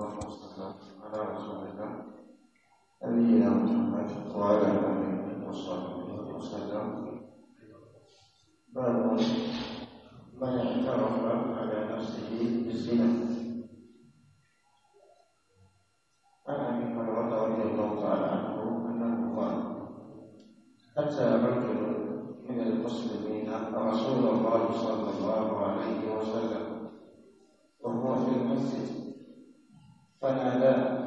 الله والصلاة على رسول الله نبينا محمد وعلى آله وصحبه وسلم باب من اعترف على نفسه بالزنا عن ابي رضي الله تعالى عنه انه قال اتى رجل من المسلمين رسول الله صلى الله عليه وسلم وهو في المسجد فناداه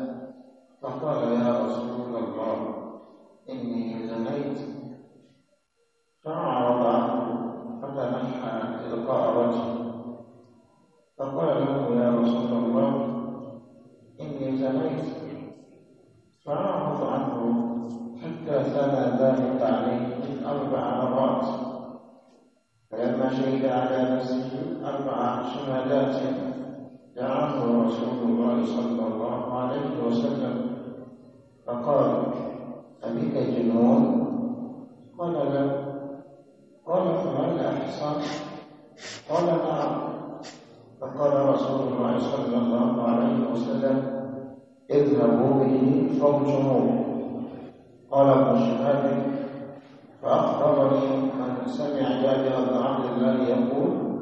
فقال يا رسول الله قال رسول الله صلى الله عليه وسلم اذهبوا به فارجموه قال ابن شهاب فأخبرني من سمع جابر بن عبد الله يقول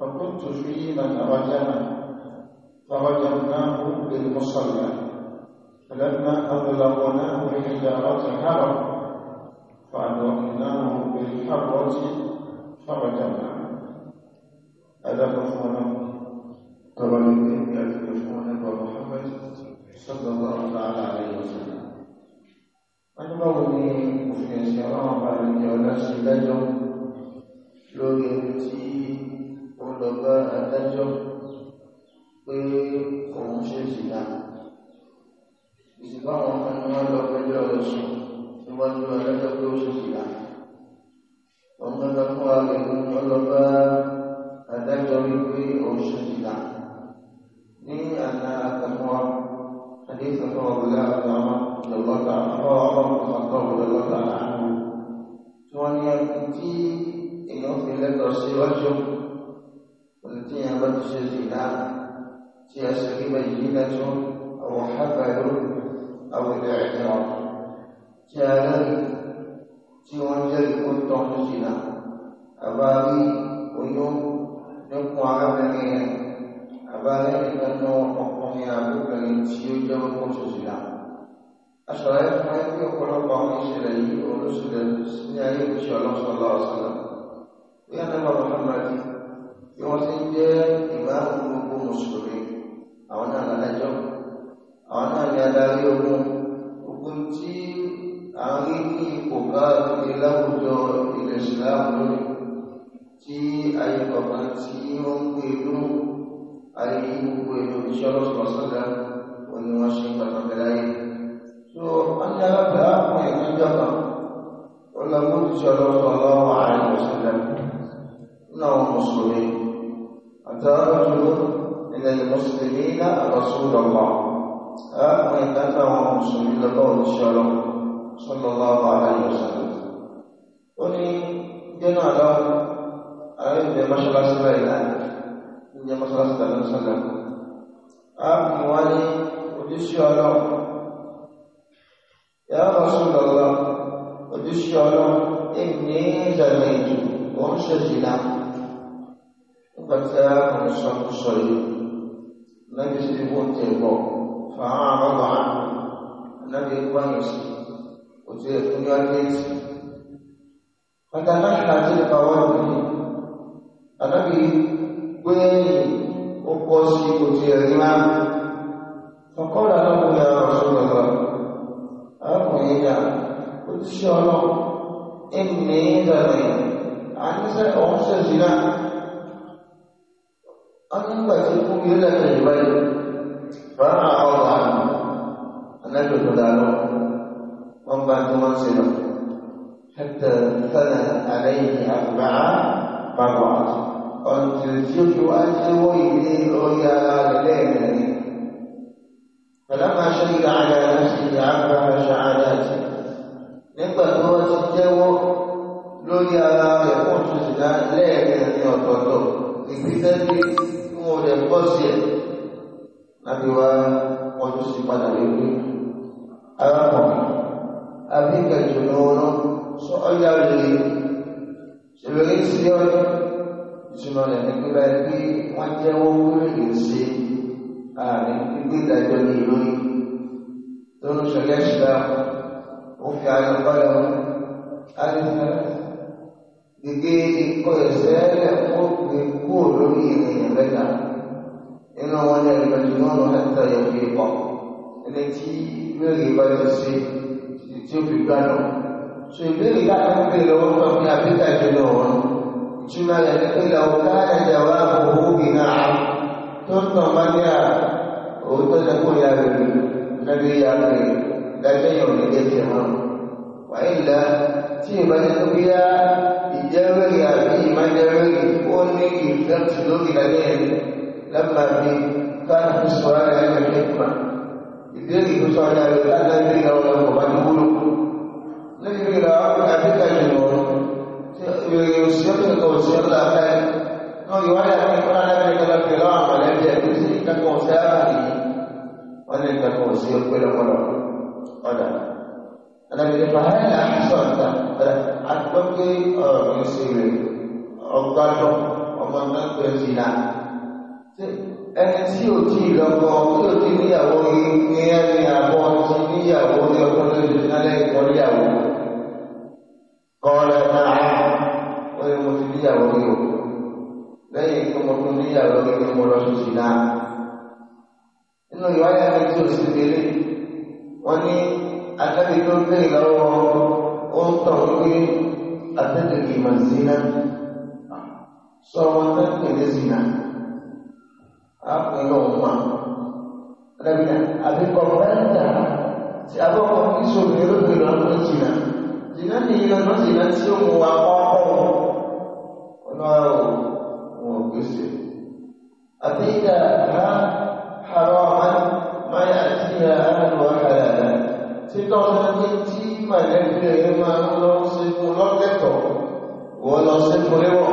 فكنت في من رجمه فرجمناه بالمصلى فلما أغلقناه بحجارة هرم فأدركناه بالحرة فرجمناه هذا مفهوم tọrọ ní pé ní ẹgbẹ́ fún ẹgbẹ́ Muhammad sallallahu ta'ala alaihi wasallam wọ́n ní báwo ni òfin ẹ̀sìn ọlọ́run bá lè jẹ́ ọlọ́sìn lẹ́jọ́ lórí tí ó lọ bá adájọ́ pé òun ṣe ìsìlá ìsìlá àwọn ọmọ ni wọ́n lọ pẹ́jọ́ rẹ̀ sùn níwájú adájọ́ pé ó ṣe ìsìlá ọmọ ẹgbẹ́ fún àgbẹ̀ ọlọ́bá adájọ́ wípé òun ṣe ìsìlá حديث رسول الله صلى الله عليه وسلم عمر بن الخطاب رضي الله تعالى عنه wọ́n ní ẹkùn tí èèyàn fi lẹ́tọ̀ sí ọjọ́ òní tí èèyàn bá ti ṣe zìlá tí a ṣe rí bẹ́ẹ̀ yìí lẹ́tọ́ àwọn hábàlú àwọn ilẹ̀ ẹ̀yàn tí a lẹ́rìí tí wọ́n jẹ́rìí kó tọ́ ní zìlá àbá rí oyún nípò arábìnrin rẹ̀ bá lẹ́yìn lọ́nà ọkùnrin àbúkùnrin tí ó jẹ́ ọkọ̀ ṣòṣìlá. Aṣọ̀rọ̀ ẹ̀ fún ẹgbẹ́ ọ̀pọ̀lọpọ̀ àwọn ìṣẹ̀lẹ̀ yìí olóṣèlú ní ayé òṣìṣẹ́ ọlọ́sọ̀lá ọ̀sọ̀lá. Bí a lọ́wọ́ Muhammad bí wọ́n ti ń jẹ́ ìmáàmù gbogbo mùsùlùmí, àwọn náà ládájọ́, àwọn náà ní adarí ogun, ogun tí a rí ní ipò káàkiri láwùjọ ilẹ̀ ìsìláàmù lónìí tí ayé kọ̀ọ̀kan tí wọ́n ń gbé lóhùn ayé gbogbo ètò ìṣẹ́ ọlọ́sọ̀rọ̀ sọ́dá wọn ni wọ́n ṣe pàtàkì láyé so apa yang alábẹ̀ ápùnrin tó jọba wọn lọ mú ìṣẹ́ ọlọ́sọ̀rọ̀ lọ́wọ́ ààrẹ ìṣẹ́lẹ̀ nínú àwọn Muslimin àtàràjù ilẹ̀ mùsùlùmí ní àbọ̀sọ̀rọ̀lọ́ ápùnrin kátà àwọn mùsùlùmí lọ́wọ́ ìṣẹ́ ọlọ́sọ̀rọ̀ ààrẹ ìṣẹ́lẹ̀ ó ní jẹ́nà àlọ́ ààrẹ ìṣẹ́lẹ̀ mọ́ṣáláṣí báyìí ìyẹn mọ́sálásí tàbí sọ́lá a mú wá ní ojúṣe ọlọ́run yàrá lọ́sùn lọ́lọ́ ojúṣe ọlọ́run èmi ìjàgbọ́n ìjù wọ́n ń ṣèjì náà nígbà tí a kàn sọ sọ yìí lẹ́yìn sí ibú ń tẹ̀ bọ̀ fàá àmọ́bà lẹ́yìn ibú àyè sí òtún ẹ̀kún ní àgbẹ̀sì pàtàkì àti ìpàwọ́ ìlú àdábìyí pé ó kọ́ sí ojú ẹ̀rí máa ọkọ̀rọ̀ aláwọ̀ ya ọ̀ṣun lọ́wọ́ arákùnrin yà ó ti ṣe ọlọ́ ẹnì ìdàrẹ̀ àníṣe ọ̀hún ṣèṣì náà wọ́n nígbà tí kú yóò lẹ́kẹ̀ẹ́ ìwáyé rárá ọ̀gá anájọ́jọ́ dá lọ wọ́n bá tí wọ́n ṣe lọ حتى ثنى عليه أربعة مرات ọ̀nà tí ó fi wá léwó ilé orí ara rẹ̀ lẹ́ẹ̀mẹ́rin pẹ̀lọ́pàá ṣe ìyá ara rẹ̀ sí ìyá agbára ṣáájá sí nígbà tí wọ́n ti jẹ́wọ́ lórí ara rẹ̀ fún ìṣẹ̀dá lẹ́ẹ̀mẹ́rin ọ̀tọ̀ọ̀tọ̀ ìgbésẹ̀ tí wọn ò lè bọ́ sí ẹ̀ láti wá wọn tó padà lórí arákùnrin àbí ìgbà ìṣòro sọ ọjà rèé ṣèlérí sí ọjọ́ ìtumọ̀ rẹ̀ ní pípa ẹni pé wọ́n jẹ́wọ́ wíìlì ṣe àárín pípé ìdájọ́ ní ìlórí tó ń ṣọlẹ̀ ṣíra ó fi ayọ̀ bára wọn alẹ́fẹ́ gègé ikọ̀ ẹ̀sẹ̀ rẹ̀ ó gbé kúrò lórí ènìyàn mẹ́ta nínú wọn ní ẹ̀rọ̀jù náà lọ́wọ́ ẹ̀ta ìyẹ̀wò ikọ̀ ẹni tí wíìlì bá ti ṣe tí ó fi gbádùn ṣe ìbéèrè láti ń pè lọ́wọ́ tó fi àbíkà ìjọba ọ̀run jùlọ yẹn pé lọ́wọ́ káyà jàwá òwú bìnà tó ń tàn máa ní à òótọ́ lẹ́kọ̀ọ́ ya rẹ̀ lẹ́nu ya rẹ̀ lẹ́jọ́ yẹn ò ní jẹ́ tiẹ̀ mọ́. wàá ìlà tí ìbá ti tó bíyá ìjẹ́rìí àbí ìmájẹ́rìí ó ní kì í dẹ́tù lórí lálẹ́ yẹn lẹ́mà bí káà tó sọ ara rẹ̀ lẹ́nu ẹ̀kọ́ ìbéèrè tó sọ ara rẹ̀ lálẹ́ bí ọ̀rọ̀ ọ̀bá tó wúlò. lẹ́yìn ìlà àbíkà jùlọ Siapa konser lah kan? No, igual ya no para apa, que la que la para el día ni se está conser ahí. Wala ka konser pero pero. Wala. Ana bila pahala ahsanta. Wala apa, ke musir. Ọgbàdọ̀ ọmọ náà tó ti nà. Ẹni tí ni tí lọ́kọ, ni ò tí níyàwó ní ẹni ni tí níyàwó ní ọkọ̀ tó ti nálẹ̀ ìkọ́lé àwọn. Kọ́lẹ̀ náà níyàwó ní o lẹ́yìn tó mo tún níyàwó ní ní mo lọ sí sí náà nínú ìwáyà mi tí o sì délé wọ́n ní adájọ́ tó gbé ìlọ́wọ́ ó ń tọ̀ wípé adájọ́ kì í máa sí náà sọ wọn tó ń pèlè sí náà á pè lọ́wọ́ máa adájọ́ àbí kọ̀ọ̀pẹ́ntà tí abọ́kọ̀ kí sóbì ló gbé lọ́wọ́ jìnnà jìnnà nìyí lọ́wọ́ tí ó mú wa kọ́kọ́ wọn ọlọ́run wọn gbèsè àti ìdá ha haraman máa yà sí àárín wọn hàlàlà tí lọ́nà ní tí màlẹ́bí rẹ̀ máa ń lọ sí fún lọ́kẹ̀tọ̀ wọ́n lọ sí fún léwọ̀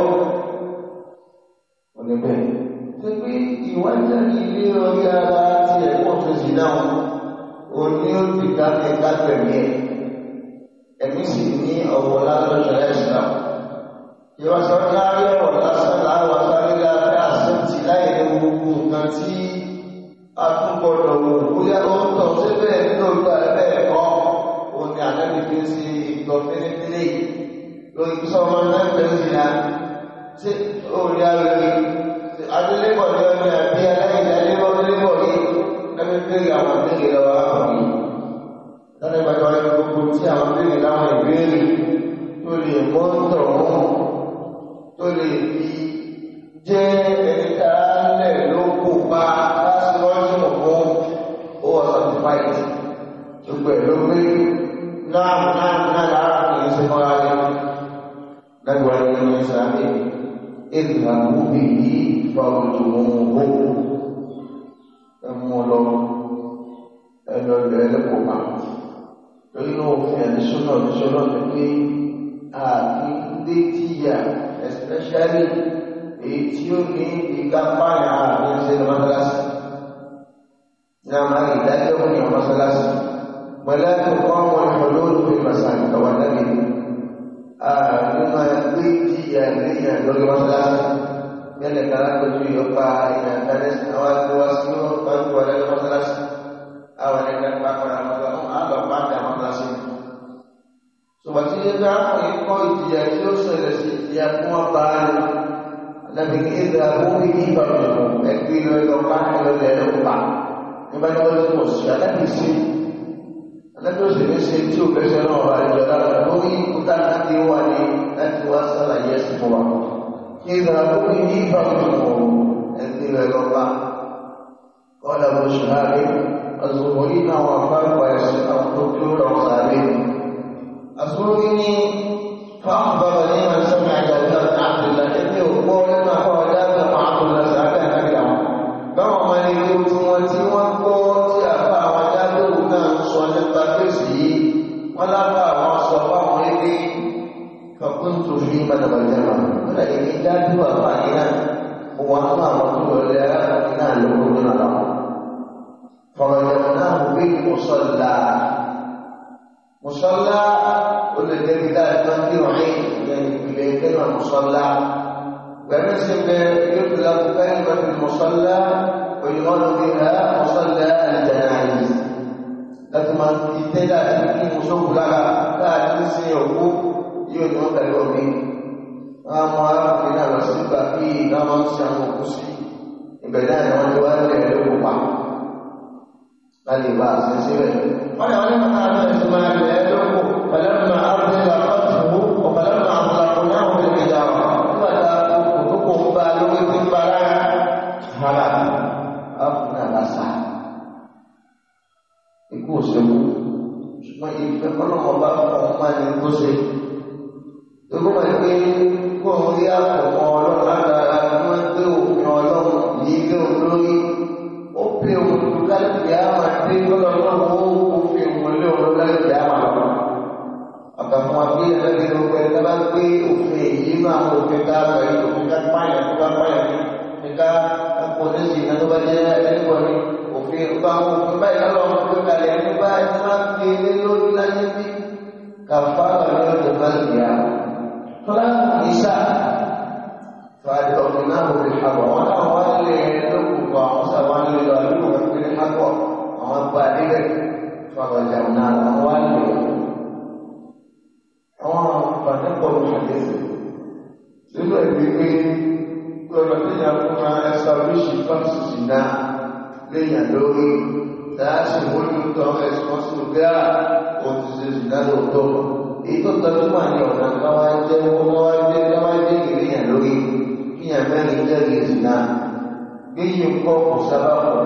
wọn ni bẹ́ẹ̀ ti pé ìwájà ẹ̀mí sì ní ọ̀wọ̀ lálọ́jọ́ ẹ̀sìn ìwọ̀sọ̀ kárí ọ̀rọ̀ lásán láwọ̀ sáré lábẹ́ àsọ́tì láì ní gbogbo nǹkan tí a tún gbọdọ̀ wò bóyá ó ń tọ̀ sí bẹ́ẹ̀ nínú ìgbà bẹ́ẹ̀ kọ́ òun ni àdáni fi ń ṣe ìtọ̀ fẹ́lẹ́fẹ́lẹ́ lórí sọ ọmọ náà pẹ̀lú ìlà tí òun ni a lè rí adélébọ̀ ní ọjọ́ àbí aláìlá lébọ̀ lébọ̀ ní ẹgbẹ́ bẹ́ẹ̀ àwọn ìbéèrè lọ́wọ́ àwọn yìí lọ́dọ̀ ìgbàjọ́ gbogbo tí àwọn ìbéèrè láwọn ìbéèrè tó lè mọ́ ń tọ̀ wọ́n lè fi jẹ́ ẹni tàà lẹ̀ ló kò bá lásìlọ́jì ọ̀gbọ́n ó wà sọ́tì fáìtì gbogbo ẹ̀ ló gbé náà náà náà lára kì í ṣe mọ́ra rẹ̀ lẹ́gbẹ̀ẹ́ rẹ̀ nínú ìsàmì èdè àgbóbi yìí fa òjò wọn ó ẹmu lọ ẹlọ́lẹ̀ ẹlẹ́kọ̀ọ́ pa lórí náà òfin ẹ̀ ní sọ́nà ní sọ́nà ní pé especially di Ciumi, di Kampanya, di Sir Madras. Nama ini dari orang yang masalah. Melaku kaum ah, yang hulur di masa itu ada di rumah Iji yang di yang dulu masalah. Yang lekaran tujuh yoga yang ada di awal dua siu tahun dua ribu masalah. Awal ah, yang pertama nígbà ìkọ́ ìjìyà tí ó ṣẹlẹ̀ sí ìjìyà fún ọba rẹ̀ lẹ́bi ìgbà orí ní ìbàdàn ẹgbẹ́ ìlú ẹlọ́pá ìlú ẹlọ́pá nígbà tí wọ́n ti mọ̀ sí alẹ́bí sí alẹ́bí òsì ní ṣe tí ò fẹsẹ̀ náà wà ìjọ dára lórí kúta láti wà ní láti wá sálàyé ẹ̀sìn fún wa ìgbà orí ní ìbàdàn ẹgbẹ́ ìlú ẹlọ́pá قال ابو شهاب الزهري وفاق ويسر الدكتور أسرني فأخبر لمن سمع جلال عبد الله إني أقول ما هو دافع عبد الله سعد أكرم بما من يوم وقوت أفا وجدونا صنع تفسي ولا فأوا صفاه لي فكنت في من والجمع ولكن إلا دوا فإنا هو الله رسول الله إنا لكم من الله فوجدناه بالمصلى مصلى قلنا الجري ده كان فيه عين يعني بيتنا المصلى ونسب يطلق كلمة المصلى ويقال بها مصلى الجنائز لكن ما تتدى تكون مصوب لها بعد لا يوم يوقوف يوجد اليومين أما ربنا نصيب فيه نمس يمكسي إبدانا وانتوان لألوه بعض láti bá a ṣe síbẹ̀. wọ́n ní àwọn nípa náà lọ ìṣúná ilẹ̀ ẹ̀dọ́kù pẹ̀lẹ́mà àbúrẹ́là ọ̀tùnú ọ̀pẹ̀lẹ́mà àbúrẹ́kù náà wọ́n lè dà wọ́n nígbà tá a kò tó kò ń bá a lórí tí ń bá rárá. rárá ọkùnrin àlàsà ikú òṣèlú ṣùgbọ́n ìfẹ́ kọ́lọ́mọba ọmọ ẹni kó ṣe. lima puluh kita bayi tu kita main aku kan main ni kita aku ni sih nak buat ni nak ni buat ni ofi bang ofi baik kalau aku kali ni baik terang kiri lu hilang ni kalpa kalau tebal dia terang bisa Fadil Omnina boleh hawa, mana awal ni itu buka sama ni lalu orang pilih hawa, awal balik kan, fadil jamnah awal ni, awal pada kau ni nínú ẹ̀rí pé ọ̀rọ̀ níyà fún ma ẹ́sàbíṣì fásitì náà léyà lórí tààsì mójútó ẹ̀sọ́sùn bí a òṣìṣẹ́ ìdádò tó èyí tó tọ́jú mà ní ọ̀nà káwá jẹ́ káwá jẹ́ káwá jẹ́ ìrìnyà lórí kíyà mẹ́rin jẹ́ ìrìnyà náà gbéyìí ń kọ́ kò sábà pọ̀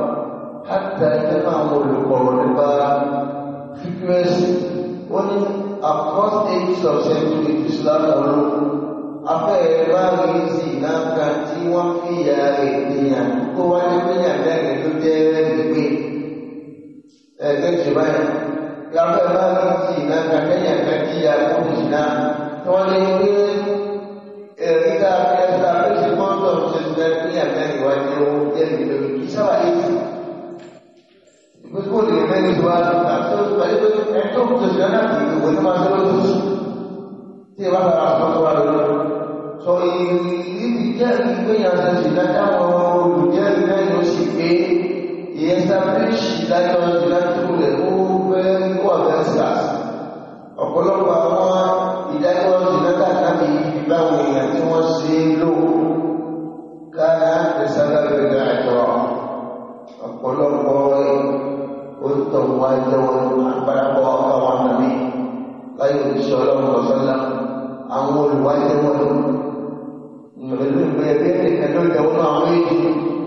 hátà ẹgbẹ́ àwọn olùkọ̀rọ̀ nípa fífúẹ́sì wọ́n ní across ages of century Islam ọlọ́run afẹ́ẹ̀báwí sí ìlànkà tí wọ́n fi yà ènìyàn tó wá ní pínyà dẹ́rẹ̀ ló jẹ́ gbígbé ẹ̀ẹ́dẹ́jì báyìí afẹ́ẹ̀báwí sí ìlànkà pínyà kàtí yà tó jìnnà tí wọ́n ní pé ẹ̀ríkà ẹ̀ta lóṣù kọ́ńtọ̀ ṣe ṣe pínyà dẹ́rẹ̀ wá ní owó jẹ́rìí lórí kí sábà yé sí. Gbogbo lè mẹ́rin tó wá àti pàdé pé ẹ̀tọ́ òkùtò ṣẹlẹ̀ náà kì í ní máa ṣe lóṣooṣù ìgbéyàwó ìdájọ́ àwọn olùjẹ́rìí lẹ́yìn oṣù pé ìyẹn sábẹ́ẹ̀ṣì ìdájọ́ ìdájọ́ rẹ̀ ó fẹ́ kó àfẹ́sà ọ̀pọ̀lọpọ̀ àwọn ìdájọ́ ìdájọ́ àkàbí báwọn èèyàn tí wọ́n ṣe lò kára ẹ̀sàgbàgbẹ̀ dájọ́ ọ̀pọ̀lọpọ̀ ó tọ̀ wájọ́ àpárapọ̀ àwọn àmì láyé òṣìṣẹ́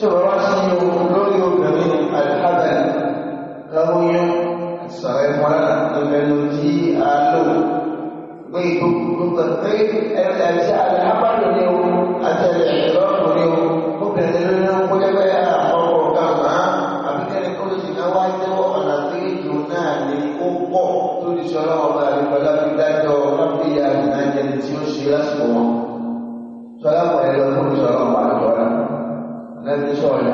tí ó bá sí ní ohun lórí obìnrin alhada lọ́wọ́yún sọ̀rọ̀ ìmọ̀lá ìbẹ̀lú tí a lò pé gbogbo pé ẹ̀rọ àti alhábàlù ní ohun àti ẹ̀rọ ní ohun obìnrin ló ní ohun kó jẹ́ pé àkọ́kọ́ ọ̀gá máa àbíkẹ́ni kó ló sì ká wá jẹ́wọ́ ọ̀nà tí ìdùn náà ní ó pọ̀ tó lè sọ ọlọ́wọ́ bá rí pẹ̀lú ṣe lásìkò wọn. Sọlá pọ̀ ẹ̀rọ fún ìṣọ̀rọ̀ الذي شعل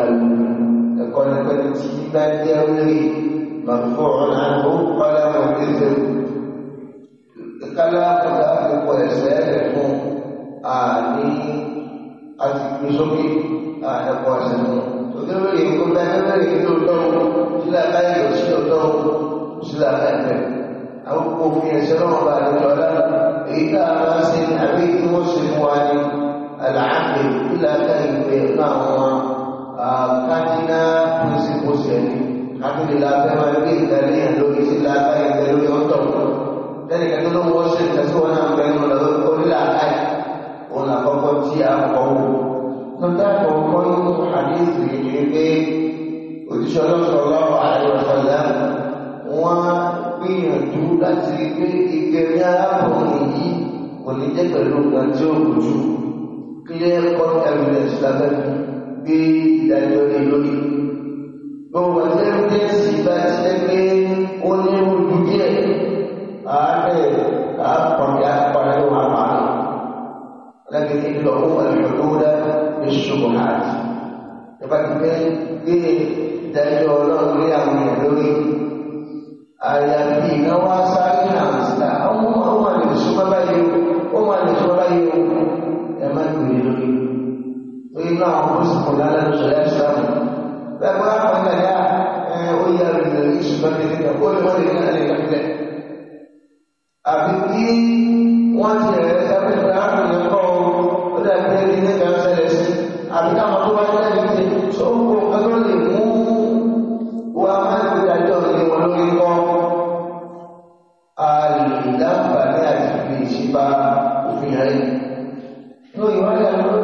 يقول لك تجيبا يولي مرفوع عنه قلم الإذن الكلام كذلك ويسالكم آني أتكسوكي أحب واسمه تقول لي يقول لك أنا لك تقول سلا خير سلا سلا خير أو كوفي سلام بعد الجلال إذا ما سن أبي مسلم وعلي العقل إلا كيف يقام كاتنا بوسي بوسي عقل لا كما يبيه دليل لو يسي لا كيف يدلو يوتو ذلك تلو موشن تسونا بينه لو يقول لا كيف ona kọ́kọ́ tí a kọ́ wò tọ́tà kọ̀ọ̀kọ́ nínú àdéhùn ìlú pé òjíṣẹ́ ọlọ́sọ̀rọ̀ àìrọ̀sọ̀lá wọ́n gbìyànjú láti gbé ìgbẹ̀rí arákùnrin yìí kò ní jẹ́ pẹ̀lú nǹkan tí ó kù jù clear cut evidence that a that you are looking. No, but evidence is that again only will be there. Ah, eh, ah, pada pada itu apa? Lagi ini loh, umat itu sudah disubuhkan. Tapi dia dia dari orang yang dia 都有啊。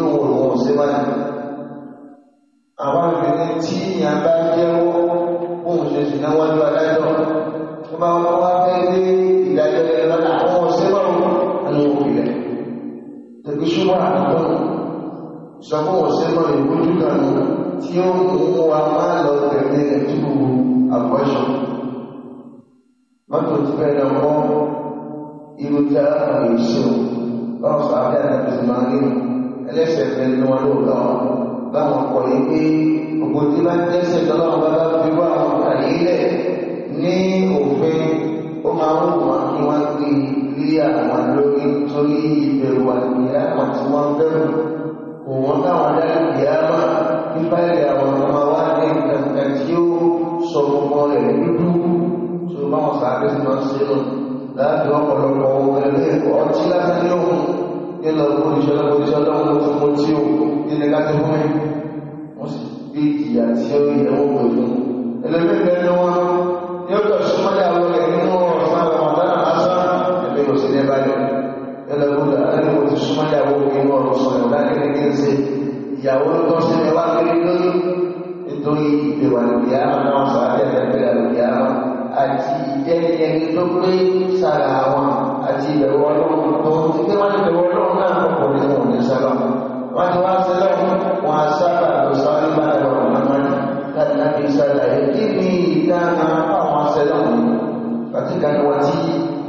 pé wọn ò wọ́n ṣe báyìí àwọn obìnrin tí ìyàn bá jẹ́wọ́ bóun ṣe sì náwájú adájọ́ tó bá wọn wá fẹ́ lé ìdájọ́ ilé lọ́la àwọn ọ̀ṣẹ́ báwọn àwọn òbílẹ̀ tẹ̀gbẹ́ ṣùgbọ́n àtúntò sọ fún ọ̀ṣẹ́ báwọn ìgbójú kan tí ó ń mú wa máa lọ tẹ̀lé ẹ̀tú àkọ́ṣọ́ mọ́tò ti fẹ́ lọ mọ́ irú tí arákùnrin ṣe ọ̀rọ̀ sọ abẹ́ àti ìsìnkú ẹlẹ́sẹ̀ fẹ́ ní wọn ló lọ báwọn kọ̀ yí pé gbogbo tí bá ń dẹ́sẹ̀ lọ́wọ́ bá bá fi wá àwọn ọ̀tà yìí lẹ̀ ní òfin ó máa ń wọ̀n kí wọ́n gbé lé àwọn lórí torí ìbẹ̀rù àgbìyà àti wọn bẹ̀rù òun táwọn dájú ìyá máa ń àwọn ọmọ wa ní ìgbàgbà tí ó sọ gbogbo rẹ̀ dúdú tó máa ń ṣe lọ láti ọ̀pọ̀lọpọ̀ ẹgbẹ́ ọtí lásán òun nílọ olùṣọ́lọ́ olùṣọ́lọ́ olùṣọ́lọ́ tí ó nílẹ̀ láti fún ẹ̀ wọ́n sì gbé ìyà tí ó rí ẹ̀wọ̀n pẹ̀lú ẹlẹ́gbẹ̀ẹ́ ní wọn ní ọjọ́ ìṣúmọ́lẹ̀ àwọn ẹ̀ nínú ọ̀rọ̀ sáwọn ọ̀dọ́nà lásán ẹgbẹ́ lọ sí ní ẹbáyọ̀ ẹlẹ́gbẹ̀ẹ́ alẹ́gbẹ̀ẹ́ ti súnmọ́lẹ̀ àwọn nínú ọ̀rọ̀ sọ̀rọ̀ láti ní kí n ṣe ìyàwó ń tọ́ sí ẹwà kiri lórí nítorí ìwà ìyá àwọn sàájẹ́ ẹgbẹ́ àti ìjẹ́ ẹni tó gbé sára àwọn àti ìbẹ̀rù ọlọ́run tó ti pé wọ́n ti bẹ̀rù ọlọ́run náà kọ̀kọ̀ nínú òní sábà wọ́n ti wá sí lọ́wọ́ wọn á sábà lọ sáré bá ẹ̀rọ ọ̀nàmọ́ni láti láti ṣàlàyé kí ni ìdáná àwọn aṣẹ́lọ́run àti ìdánilọ́ tí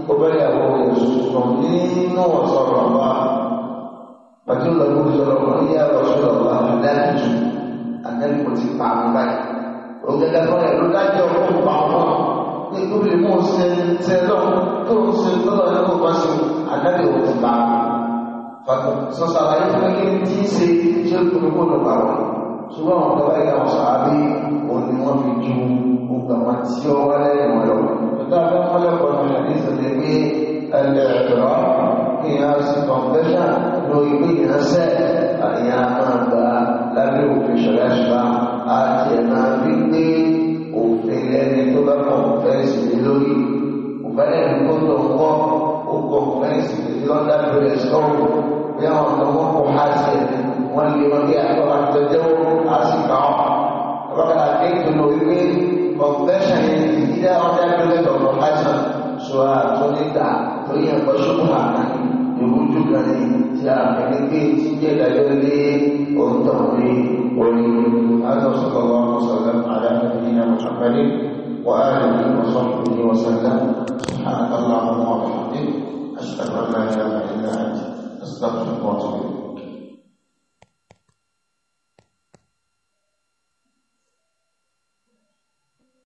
ó bẹ̀rẹ̀ àwọn òṣùṣùn nínú ọ̀sọ̀ ọ̀rọ̀ àti olùdókòwò sọ̀rọ̀ wọn ní àlọ́sọ̀rọ̀ ọ̀la ọ̀dájú àtẹ́lẹ̀ láti òkú bá sọ́sọ́ àlàyé fún ẹgbẹ́ tí ń ṣe ṣé gbogbo ló bá wọn ṣùgbọ́n àwọn ọ̀dọ́ ẹ̀ka wọn sọ̀rọ̀ bí òun ni wọ́n fi ju ogun àwọn tí ó wá lẹ́yìn wọn lọ. Tọ́tà fẹ́ wọ́n lẹ́kọ̀ọ́ ní ìṣẹ̀lẹ̀ pé ẹlẹ́ ẹ̀dọ́ ìyẹn sí kọ̀ǹfẹ́ṣà lórí pé ìyẹn sẹ́ ìyẹn máa gba lábẹ́ òfin ṣọ̀rẹ́ ṣùgbọ́n àti ẹ̀ máa rí pé òfin lẹ́ni tó bá kọ̀ǹfẹ́ṣì lórí òbẹ́rẹ́ ní tó ń ó kọ̀ǹfẹ́ǹsì ní lọ́dà bẹ̀rẹ̀ sọ́ọ̀rù bí àwọn ọ̀nà wọn kò há sí ẹ̀ wọ́n lè wọ́n lé àgbọ̀ àtẹ̀jẹ́ wọn á sì kà ọ́. Ọlọ́kadà kéèkì ló wípé kọ̀ǹfẹ́ǹsì ìdílé ọ̀dà bẹ̀rẹ̀ sọ̀rọ̀ hásán sọ àtúndígbà tó yẹ kọ́ sọ́kùn àná ìwújú kan ní ti àpẹẹrẹ tí jẹ́ ìdájọ́ lé òǹtọ̀ ní orí. Adọ́sọ̀kọ̀ wọn sọ̀rọ̀ àdá وآله وصحبه وسلم سبحانك اللهم وبحمدك أشهد أن لا إله إلا أنت أستغفرك وأتوب إليك